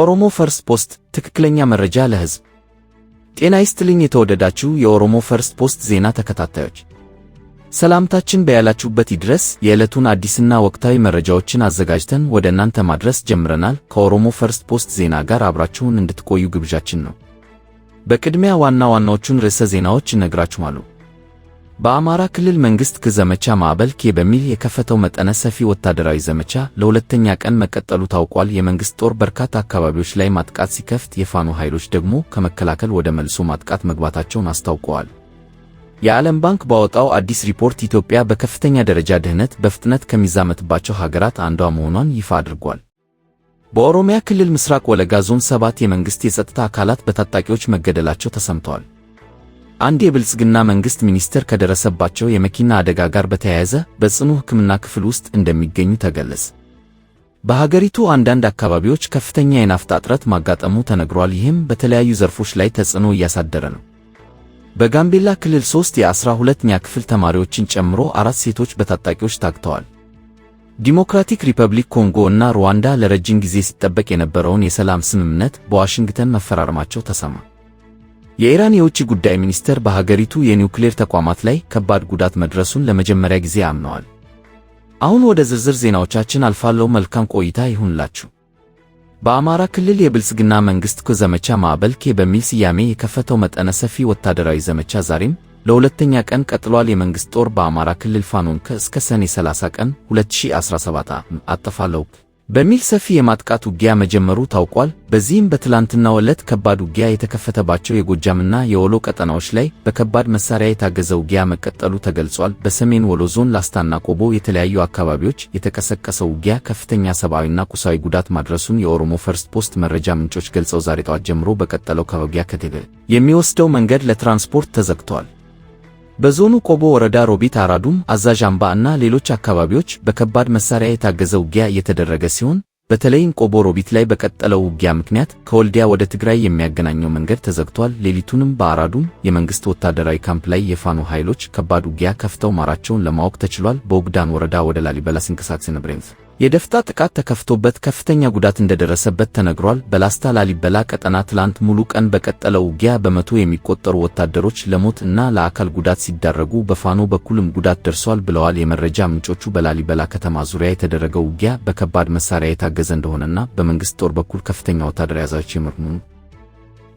ኦሮሞ ፈርስት ፖስት ትክክለኛ መረጃ ለህዝብ ጤና ይስጥልኝ የተወደዳችሁ የኦሮሞ ፈርስት ፖስት ዜና ተከታታዮች፣ ሰላምታችን በያላችሁበት ይድረስ። የዕለቱን አዲስና ወቅታዊ መረጃዎችን አዘጋጅተን ወደ እናንተ ማድረስ ጀምረናል። ከኦሮሞ ፈርስት ፖስት ዜና ጋር አብራችሁን እንድትቆዩ ግብዣችን ነው። በቅድሚያ ዋና ዋናዎቹን ርዕሰ ዜናዎች እነግራችኋለሁ። በአማራ ክልል መንግስት ከዘመቻ ማዕበል ኬ በሚል የከፈተው መጠነ ሰፊ ወታደራዊ ዘመቻ ለሁለተኛ ቀን መቀጠሉ ታውቋል። የመንግስት ጦር በርካታ አካባቢዎች ላይ ማጥቃት ሲከፍት፣ የፋኖ ኃይሎች ደግሞ ከመከላከል ወደ መልሶ ማጥቃት መግባታቸውን አስታውቀዋል። የዓለም ባንክ ባወጣው አዲስ ሪፖርት ኢትዮጵያ በከፍተኛ ደረጃ ድህነት በፍጥነት ከሚዛመትባቸው ሀገራት አንዷ መሆኗን ይፋ አድርጓል። በኦሮሚያ ክልል ምስራቅ ወለጋ ዞን ሰባት የመንግስት የጸጥታ አካላት በታጣቂዎች መገደላቸው ተሰምተዋል። አንድ የብልጽግና መንግስት ሚኒስትር ከደረሰባቸው የመኪና አደጋ ጋር በተያያዘ በጽኑ ሕክምና ክፍል ውስጥ እንደሚገኙ ተገለጸ። በሀገሪቱ አንዳንድ አካባቢዎች ከፍተኛ የናፍጣ እጥረት ማጋጠሙ ተነግሯል። ይህም በተለያዩ ዘርፎች ላይ ተጽዕኖ እያሳደረ ነው። በጋምቤላ ክልል ሦስት የአስራ ሁለተኛ ክፍል ተማሪዎችን ጨምሮ አራት ሴቶች በታጣቂዎች ታግተዋል። ዲሞክራቲክ ሪፐብሊክ ኮንጎ እና ሩዋንዳ ለረጅም ጊዜ ሲጠበቅ የነበረውን የሰላም ስምምነት በዋሽንግተን መፈራረማቸው ተሰማ። የኢራን የውጭ ጉዳይ ሚኒስተር በሀገሪቱ የኒውክሌር ተቋማት ላይ ከባድ ጉዳት መድረሱን ለመጀመሪያ ጊዜ አምነዋል። አሁን ወደ ዝርዝር ዜናዎቻችን አልፋለሁ። መልካም ቆይታ ይሁንላችሁ። በአማራ ክልል የብልጽግና መንግሥት ከዘመቻ ማዕበል ኬ በሚል ስያሜ የከፈተው መጠነ ሰፊ ወታደራዊ ዘመቻ ዛሬም ለሁለተኛ ቀን ቀጥሏል። የመንግሥት ጦር በአማራ ክልል ፋኖን እስከ ሰኔ 30 ቀን 2017 አጠፋለሁ በሚል ሰፊ የማጥቃት ውጊያ መጀመሩ ታውቋል። በዚህም በትላንትናው ዕለት ከባድ ውጊያ የተከፈተባቸው የጎጃምና የወሎ ቀጠናዎች ላይ በከባድ መሳሪያ የታገዘ ውጊያ መቀጠሉ ተገልጿል። በሰሜን ወሎ ዞን ላስታና ቆቦ የተለያዩ አካባቢዎች የተቀሰቀሰው ውጊያ ከፍተኛ ሰብአዊና ቁሳዊ ጉዳት ማድረሱን የኦሮሞ ፈርስት ፖስት መረጃ ምንጮች ገልጸው ዛሬ ጠዋት ጀምሮ በቀጠለው ከውጊያ ከቴል የሚወስደው መንገድ ለትራንስፖርት ተዘግቷል። በዞኑ ቆቦ ወረዳ ሮቢት አራዱም፣ አዛዥ አምባ እና ሌሎች አካባቢዎች በከባድ መሳሪያ የታገዘ ውጊያ እየተደረገ ሲሆን በተለይም ቆቦ ሮቢት ላይ በቀጠለው ውጊያ ምክንያት ከወልዲያ ወደ ትግራይ የሚያገናኘው መንገድ ተዘግቷል። ሌሊቱንም በአራዱም የመንግስት ወታደራዊ ካምፕ ላይ የፋኖ ኃይሎች ከባድ ውጊያ ከፍተው ማራቸውን ለማወቅ ተችሏል። በውግዳን ወረዳ ወደ ላሊበላ ሲንቀሳቀስ ነብሬንፍ የደፍጣ ጥቃት ተከፍቶበት ከፍተኛ ጉዳት እንደደረሰበት ተነግሯል። በላስታ ላሊበላ ቀጠና ትላንት ሙሉ ቀን በቀጠለው ውጊያ በመቶ የሚቆጠሩ ወታደሮች ለሞት እና ለአካል ጉዳት ሲዳረጉ በፋኖ በኩልም ጉዳት ደርሷል ብለዋል የመረጃ ምንጮቹ። በላሊበላ ከተማ ዙሪያ የተደረገው ውጊያ በከባድ መሳሪያ የታገዘ እንደሆነና በመንግስት ጦር በኩል ከፍተኛ ወታደር ያዛቸው የመርሙኑ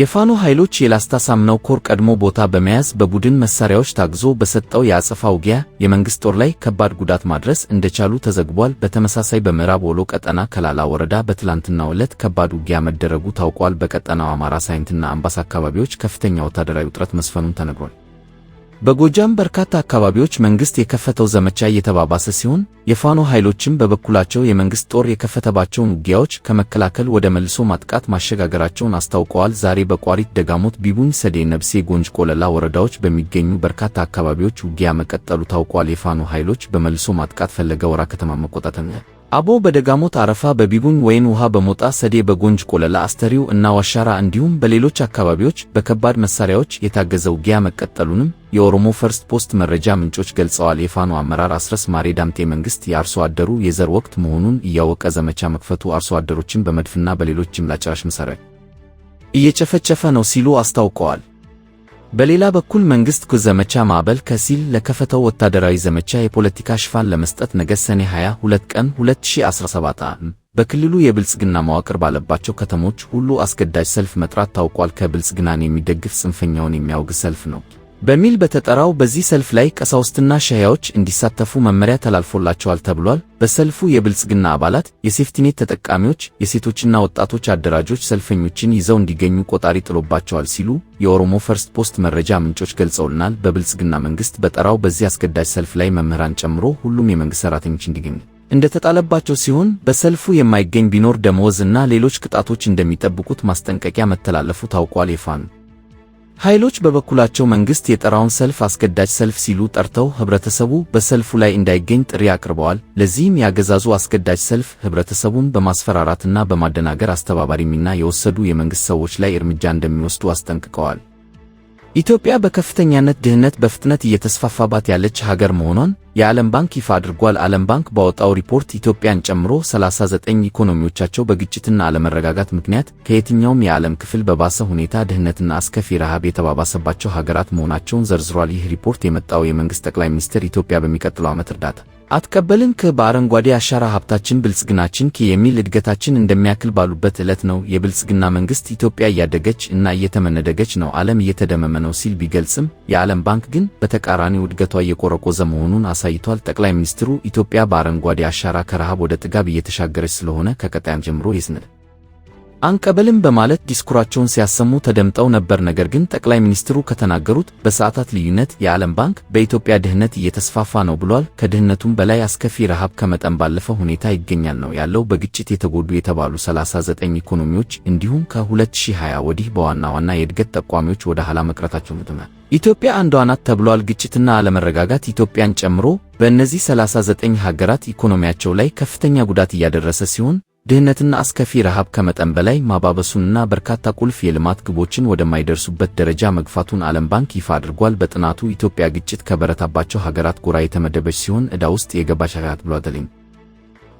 የፋኖ ኃይሎች የላስታ ሳምናው ኮር ቀድሞ ቦታ በመያዝ በቡድን መሳሪያዎች ታግዞ በሰጠው የአጸፋ ውጊያ የመንግሥት ጦር ላይ ከባድ ጉዳት ማድረስ እንደቻሉ ተዘግቧል። በተመሳሳይ በምዕራብ ወሎ ቀጠና ከላላ ወረዳ በትላንትናው ዕለት ከባድ ውጊያ መደረጉ ታውቋል። በቀጠናው አማራ ሳይንትና አምባሳ አካባቢዎች ከፍተኛ ወታደራዊ ውጥረት መስፈኑን ተነግሯል። በጎጃም በርካታ አካባቢዎች መንግስት የከፈተው ዘመቻ እየተባባሰ ሲሆን የፋኖ ኃይሎችም በበኩላቸው የመንግስት ጦር የከፈተባቸውን ውጊያዎች ከመከላከል ወደ መልሶ ማጥቃት ማሸጋገራቸውን አስታውቀዋል። ዛሬ በቋሪት ደጋሞት፣ ቢቡኝ፣ ሰዴ፣ ነብሴ፣ ጎንጅ፣ ቆለላ ወረዳዎች በሚገኙ በርካታ አካባቢዎች ውጊያ መቀጠሉ ታውቋል። የፋኖ ኃይሎች በመልሶ ማጥቃት ፈለገ ወራ ከተማ መቆጣጠር አቦ በደጋሞት አረፋ በቢቡን ወይን ውሃ በሞጣ ሰዴ በጎንጅ ቆለላ አስተሪው እና ዋሻራ እንዲሁም በሌሎች አካባቢዎች በከባድ መሳሪያዎች የታገዘ ውጊያ መቀጠሉንም የኦሮሞ ፈርስት ፖስት መረጃ ምንጮች ገልጸዋል። የፋኖ አመራር አስረስ ማሬ ዳምቴ መንግስት የአርሶ አደሩ የዘር ወቅት መሆኑን እያወቀ ዘመቻ መክፈቱ አርሶ አደሮችን በመድፍና በሌሎች ጅምላ ጨራሽ መሳሪያ እየጨፈጨፈ ነው ሲሉ አስታውቀዋል። በሌላ በኩል መንግሥት ዘመቻ ማዕበል ከሲል ለከፈተው ወታደራዊ ዘመቻ የፖለቲካ ሽፋን ለመስጠት ነገ ሰኔ 22 ቀን 2017 በክልሉ የብልጽግና መዋቅር ባለባቸው ከተሞች ሁሉ አስገዳጅ ሰልፍ መጥራት ታውቋል። ከብልጽግናን የሚደግፍ ጽንፈኛውን የሚያወግዝ ሰልፍ ነው። በሚል በተጠራው በዚህ ሰልፍ ላይ ቀሳውስትና ሻዕቢያዎች እንዲሳተፉ መመሪያ ተላልፎላቸዋል ተብሏል። በሰልፉ የብልጽግና አባላት፣ የሴፍቲኔት ተጠቃሚዎች፣ የሴቶችና ወጣቶች አደራጆች ሰልፈኞችን ይዘው እንዲገኙ ቆጣሪ ጥሎባቸዋል ሲሉ የኦሮሞ ፈርስት ፖስት መረጃ ምንጮች ገልጸውልናል። በብልጽግና መንግሥት በጠራው በዚህ አስገዳጅ ሰልፍ ላይ መምህራን ጨምሮ ሁሉም የመንግስት ሰራተኞች እንዲገኙ እንደተጣለባቸው ሲሆን በሰልፉ የማይገኝ ቢኖር ደመወዝ እና ሌሎች ቅጣቶች እንደሚጠብቁት ማስጠንቀቂያ መተላለፉ ታውቋል። የፋኑ ኃይሎች በበኩላቸው መንግሥት የጠራውን ሰልፍ አስገዳጅ ሰልፍ ሲሉ ጠርተው ኅብረተሰቡ በሰልፉ ላይ እንዳይገኝ ጥሪ አቅርበዋል። ለዚህም ያገዛዙ አስገዳጅ ሰልፍ ኅብረተሰቡን በማስፈራራትና በማደናገር አስተባባሪ ሚና የወሰዱ የመንግሥት ሰዎች ላይ እርምጃ እንደሚወስዱ አስጠንቅቀዋል። ኢትዮጵያ በከፍተኛነት ድህነት በፍጥነት እየተስፋፋባት ያለች ሀገር መሆኗን የዓለም ባንክ ይፋ አድርጓል። ዓለም ባንክ ባወጣው ሪፖርት ኢትዮጵያን ጨምሮ 39 ኢኮኖሚዎቻቸው በግጭትና አለመረጋጋት ምክንያት ከየትኛውም የዓለም ክፍል በባሰ ሁኔታ ድህነትና አስከፊ ረሃብ የተባባሰባቸው ሀገራት መሆናቸውን ዘርዝሯል። ይህ ሪፖርት የመጣው የመንግሥት ጠቅላይ ሚኒስትር ኢትዮጵያ በሚቀጥለው ዓመት እርዳታ አትቀበልንክ በአረንጓዴ አሻራ ሀብታችን ብልጽግናችን ከ የሚል እድገታችን እንደሚያክል ባሉበት ዕለት ነው የብልጽግና መንግስት ኢትዮጵያ እያደገች እና እየተመነደገች ነው፣ ዓለም እየተደመመ ነው ሲል ቢገልጽም የዓለም ባንክ ግን በተቃራኒው እድገቷ እየቆረቆዘ መሆኑን አሳይቷል። ጠቅላይ ሚኒስትሩ ኢትዮጵያ በአረንጓዴ አሻራ ከረሃብ ወደ ጥጋብ እየተሻገረች ስለሆነ ከቀጣይም ጀምሮ የስንል አንቀበልም በማለት ዲስኩራቸውን ሲያሰሙ ተደምጠው ነበር። ነገር ግን ጠቅላይ ሚኒስትሩ ከተናገሩት በሰዓታት ልዩነት የዓለም ባንክ በኢትዮጵያ ድህነት እየተስፋፋ ነው ብሏል። ከድህነቱም በላይ አስከፊ ረሃብ ከመጠን ባለፈ ሁኔታ ይገኛል ነው ያለው። በግጭት የተጎዱ የተባሉ 39 ኢኮኖሚዎች እንዲሁም ከ2020 ወዲህ በዋና ዋና የእድገት ጠቋሚዎች ወደ ኋላ መቅረታቸው ኢትዮጵያ አንዷ ናት ተብሏል። ግጭትና አለመረጋጋት ኢትዮጵያን ጨምሮ በእነዚህ 39 ሀገራት ኢኮኖሚያቸው ላይ ከፍተኛ ጉዳት እያደረሰ ሲሆን ድህነትና አስከፊ ረሃብ ከመጠን በላይ ማባበሱንና በርካታ ቁልፍ የልማት ግቦችን ወደማይደርሱበት ደረጃ መግፋቱን ዓለም ባንክ ይፋ አድርጓል። በጥናቱ ኢትዮጵያ ግጭት ከበረታባቸው ሀገራት ጎራ የተመደበች ሲሆን ዕዳ ውስጥ የገባች ሀገራት ብሏል።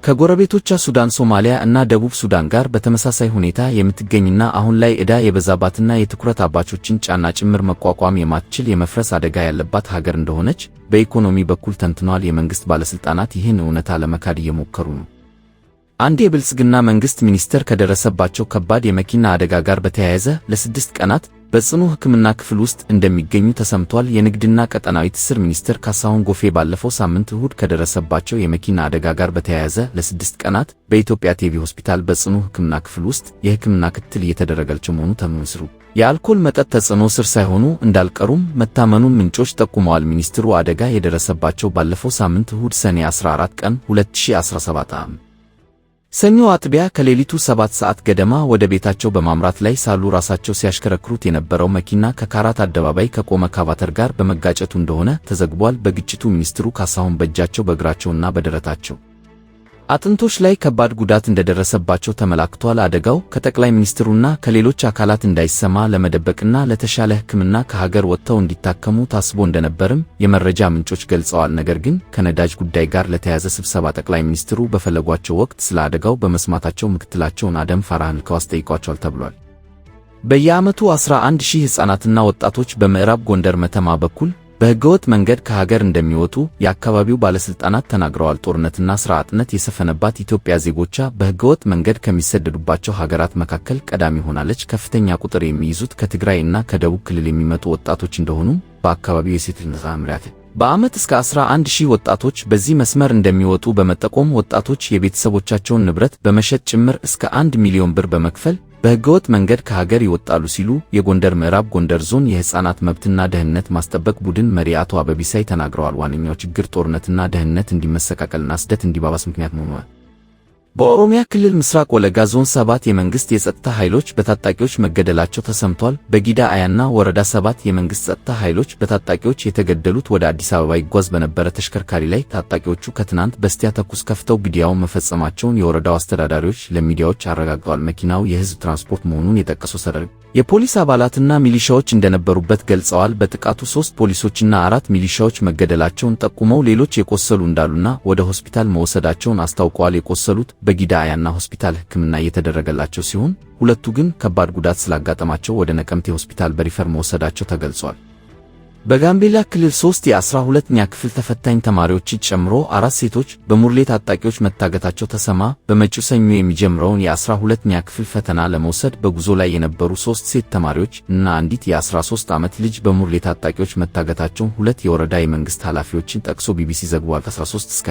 ከጎረቤቶቿ ሱዳን፣ ሶማሊያ እና ደቡብ ሱዳን ጋር በተመሳሳይ ሁኔታ የምትገኝና አሁን ላይ ዕዳ የበዛባትና የትኩረት አባቾችን ጫና ጭምር መቋቋም የማትችል የመፍረስ አደጋ ያለባት ሀገር እንደሆነች በኢኮኖሚ በኩል ተንትኗል። የመንግሥት ባለሥልጣናት ይህን እውነታ ለመካድ እየሞከሩ ነው። አንድ የብልጽግና መንግሥት ሚኒስተር ከደረሰባቸው ከባድ የመኪና አደጋ ጋር በተያያዘ ለስድስት ቀናት በጽኑ ሕክምና ክፍል ውስጥ እንደሚገኙ ተሰምቷል። የንግድና ቀጠናዊ ትስስር ሚኒስትር ካሳሁን ጎፌ ባለፈው ሳምንት እሁድ ከደረሰባቸው የመኪና አደጋ ጋር በተያያዘ ለስድስት ቀናት በኢትዮጵያ ቲቪ ሆስፒታል በጽኑ ሕክምና ክፍል ውስጥ የሕክምና ክትትል እየተደረገላቸው መሆኑ ተመስሩ የአልኮል መጠጥ ተጽዕኖ ስር ሳይሆኑ እንዳልቀሩም መታመኑን ምንጮች ጠቁመዋል። ሚኒስትሩ አደጋ የደረሰባቸው ባለፈው ሳምንት እሁድ ሰኔ 14 ቀን 2017 ዓ.ም ሰኞ አጥቢያ ከሌሊቱ ሰባት ሰዓት ገደማ ወደ ቤታቸው በማምራት ላይ ሳሉ ራሳቸው ሲያሽከረክሩት የነበረው መኪና ከካራት አደባባይ ከቆመ ካቫተር ጋር በመጋጨቱ እንደሆነ ተዘግቧል። በግጭቱ ሚኒስትሩ ካሳሁን በእጃቸው በእግራቸውና በደረታቸው አጥንቶች ላይ ከባድ ጉዳት እንደደረሰባቸው ተመላክቷል። አደጋው ከጠቅላይ ሚኒስትሩና ከሌሎች አካላት እንዳይሰማ ለመደበቅና ለተሻለ ሕክምና ከሀገር ወጥተው እንዲታከሙ ታስቦ እንደነበርም የመረጃ ምንጮች ገልጸዋል። ነገር ግን ከነዳጅ ጉዳይ ጋር ለተያዘ ስብሰባ ጠቅላይ ሚኒስትሩ በፈለጓቸው ወቅት ስለ አደጋው በመስማታቸው ምክትላቸውን አደም ፋራህን ልከው ጠይቋቸዋል ተብሏል። በየዓመቱ 11 ሺህ ሕፃናትና ወጣቶች በምዕራብ ጎንደር መተማ በኩል በህገወጥ መንገድ ከሀገር እንደሚወጡ የአካባቢው ባለስልጣናት ተናግረዋል። ጦርነትና ስርዓትነት የሰፈነባት ኢትዮጵያ ዜጎቿ በህገወጥ መንገድ ከሚሰደዱባቸው ሀገራት መካከል ቀዳሚ ሆናለች። ከፍተኛ ቁጥር የሚይዙት ከትግራይ እና ከደቡብ ክልል የሚመጡ ወጣቶች እንደሆኑም በአካባቢው የሴቶች መምሪያት በዓመት እስከ 11 ሺህ ወጣቶች በዚህ መስመር እንደሚወጡ በመጠቆም ወጣቶች የቤተሰቦቻቸውን ንብረት በመሸጥ ጭምር እስከ 1 ሚሊዮን ብር በመክፈል በሕገወጥ መንገድ ከሀገር ይወጣሉ ሲሉ የጎንደር ምዕራብ ጎንደር ዞን የህፃናት መብትና ደህንነት ማስጠበቅ ቡድን መሪ አቶ አበቢሳይ ተናግረዋል። ዋነኛው ችግር ጦርነትና ደህንነት እንዲመሰቃቀልና ስደት እንዲባባስ ምክንያት መሆኗል። በኦሮሚያ ክልል ምስራቅ ወለጋ ዞን ሰባት የመንግስት የጸጥታ ኃይሎች በታጣቂዎች መገደላቸው ተሰምቷል። በጊዳ አያና ወረዳ ሰባት የመንግስት ጸጥታ ኃይሎች በታጣቂዎች የተገደሉት ወደ አዲስ አበባ ይጓዝ በነበረ ተሽከርካሪ ላይ ታጣቂዎቹ ከትናንት በስቲያ ተኩስ ከፍተው ግድያውን መፈጸማቸውን የወረዳው አስተዳዳሪዎች ለሚዲያዎች አረጋግጠዋል። መኪናው የህዝብ ትራንስፖርት መሆኑን የጠቀሰው ሰረርግ የፖሊስ አባላትና ሚሊሻዎች እንደነበሩበት ገልጸዋል። በጥቃቱ ሶስት ፖሊሶችና አራት ሚሊሻዎች መገደላቸውን ጠቁመው ሌሎች የቆሰሉ እንዳሉና ወደ ሆስፒታል መወሰዳቸውን አስታውቀዋል። የቆሰሉት በጊዳያና ሆስፒታል ሕክምና እየተደረገላቸው ሲሆን ሁለቱ ግን ከባድ ጉዳት ስላጋጠማቸው ወደ ነቀምቴ ሆስፒታል በሪፈር መወሰዳቸው ተገልጿል። በጋምቤላ ክልል ሶስት የአስራ ሁለተኛ ክፍል ተፈታኝ ተማሪዎችን ጨምሮ አራት ሴቶች በሙርሌ ታጣቂዎች መታገታቸው ተሰማ። በመጪው ሰኞ የሚጀምረውን የአስራ ሁለተኛ ክፍል ፈተና ለመውሰድ በጉዞ ላይ የነበሩ ሶስት ሴት ተማሪዎች እና አንዲት የ13 ዓመት ልጅ በሙርሌ ታጣቂዎች መታገታቸውን ሁለት የወረዳ የመንግሥት ኃላፊዎችን ጠቅሶ ቢቢሲ ዘግቧል። 13 እስከ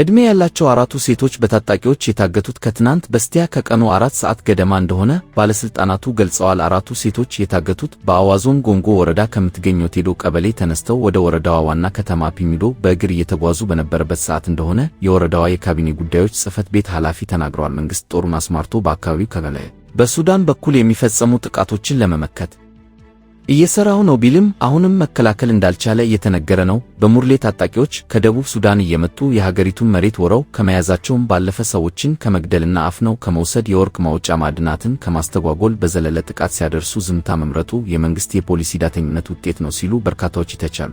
ዕድሜ ያላቸው አራቱ ሴቶች በታጣቂዎች የታገቱት ከትናንት በስቲያ ከቀኑ አራት ሰዓት ገደማ እንደሆነ ባለሥልጣናቱ ገልጸዋል። አራቱ ሴቶች የታገቱት በአዋዞን ጎንጎ ወረዳ ከምትገኝ ቴዶ ቀበሌ ተነስተው ወደ ወረዳዋ ዋና ከተማ ፒሚዶ በእግር እየተጓዙ በነበረበት ሰዓት እንደሆነ የወረዳዋ የካቢኔ ጉዳዮች ጽሕፈት ቤት ኃላፊ ተናግረዋል። መንግሥት ጦሩን አስማርቶ በአካባቢው ከበለ በሱዳን በኩል የሚፈጸሙ ጥቃቶችን ለመመከት እየሰራው ነው ቢልም አሁንም መከላከል እንዳልቻለ እየተነገረ ነው። በሙርሌ ታጣቂዎች ከደቡብ ሱዳን እየመጡ የሀገሪቱን መሬት ወረው ከመያዛቸውም ባለፈ ሰዎችን ከመግደልና አፍነው ከመውሰድ የወርቅ ማውጫ ማዕድናትን ከማስተጓጎል በዘለለ ጥቃት ሲያደርሱ ዝምታ መምረጡ የመንግስት የፖሊሲ ዳተኝነት ውጤት ነው ሲሉ በርካታዎች ይተቻሉ።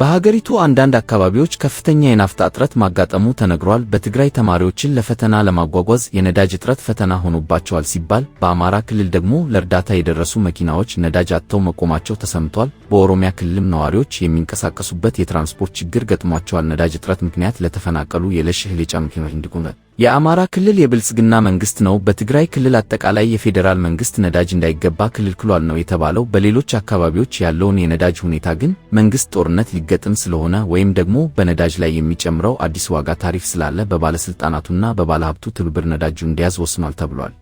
በሀገሪቱ አንዳንድ አካባቢዎች ከፍተኛ የናፍጣ እጥረት ማጋጠሙ ተነግሯል። በትግራይ ተማሪዎችን ለፈተና ለማጓጓዝ የነዳጅ እጥረት ፈተና ሆኖባቸዋል ሲባል፣ በአማራ ክልል ደግሞ ለእርዳታ የደረሱ መኪናዎች ነዳጅ አጥተው መቆማቸው ተሰምቷል። በኦሮሚያ ክልልም ነዋሪዎች የሚንቀሳቀሱበት የትራንስፖርት ችግር ገጥሟቸዋል። ነዳጅ እጥረት ምክንያት ለተፈናቀሉ የለሽ ህሌጫ ምክንያት እንዲቆመ የአማራ ክልል የብልጽግና መንግስት ነው። በትግራይ ክልል አጠቃላይ የፌዴራል መንግስት ነዳጅ እንዳይገባ ክልክሏል ነው የተባለው። በሌሎች አካባቢዎች ያለውን የነዳጅ ሁኔታ ግን መንግስት ጦርነት ሊገጥም ስለሆነ ወይም ደግሞ በነዳጅ ላይ የሚጨምረው አዲስ ዋጋ ታሪፍ ስላለ በባለስልጣናቱና በባለሀብቱ ትብብር ነዳጁ እንዲያዝ ወስኗል ተብሏል።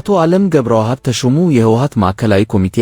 አቶ ዓለም ገብረዋሃት ተሾሙ የህወሓት ማዕከላዊ ኮሚቴ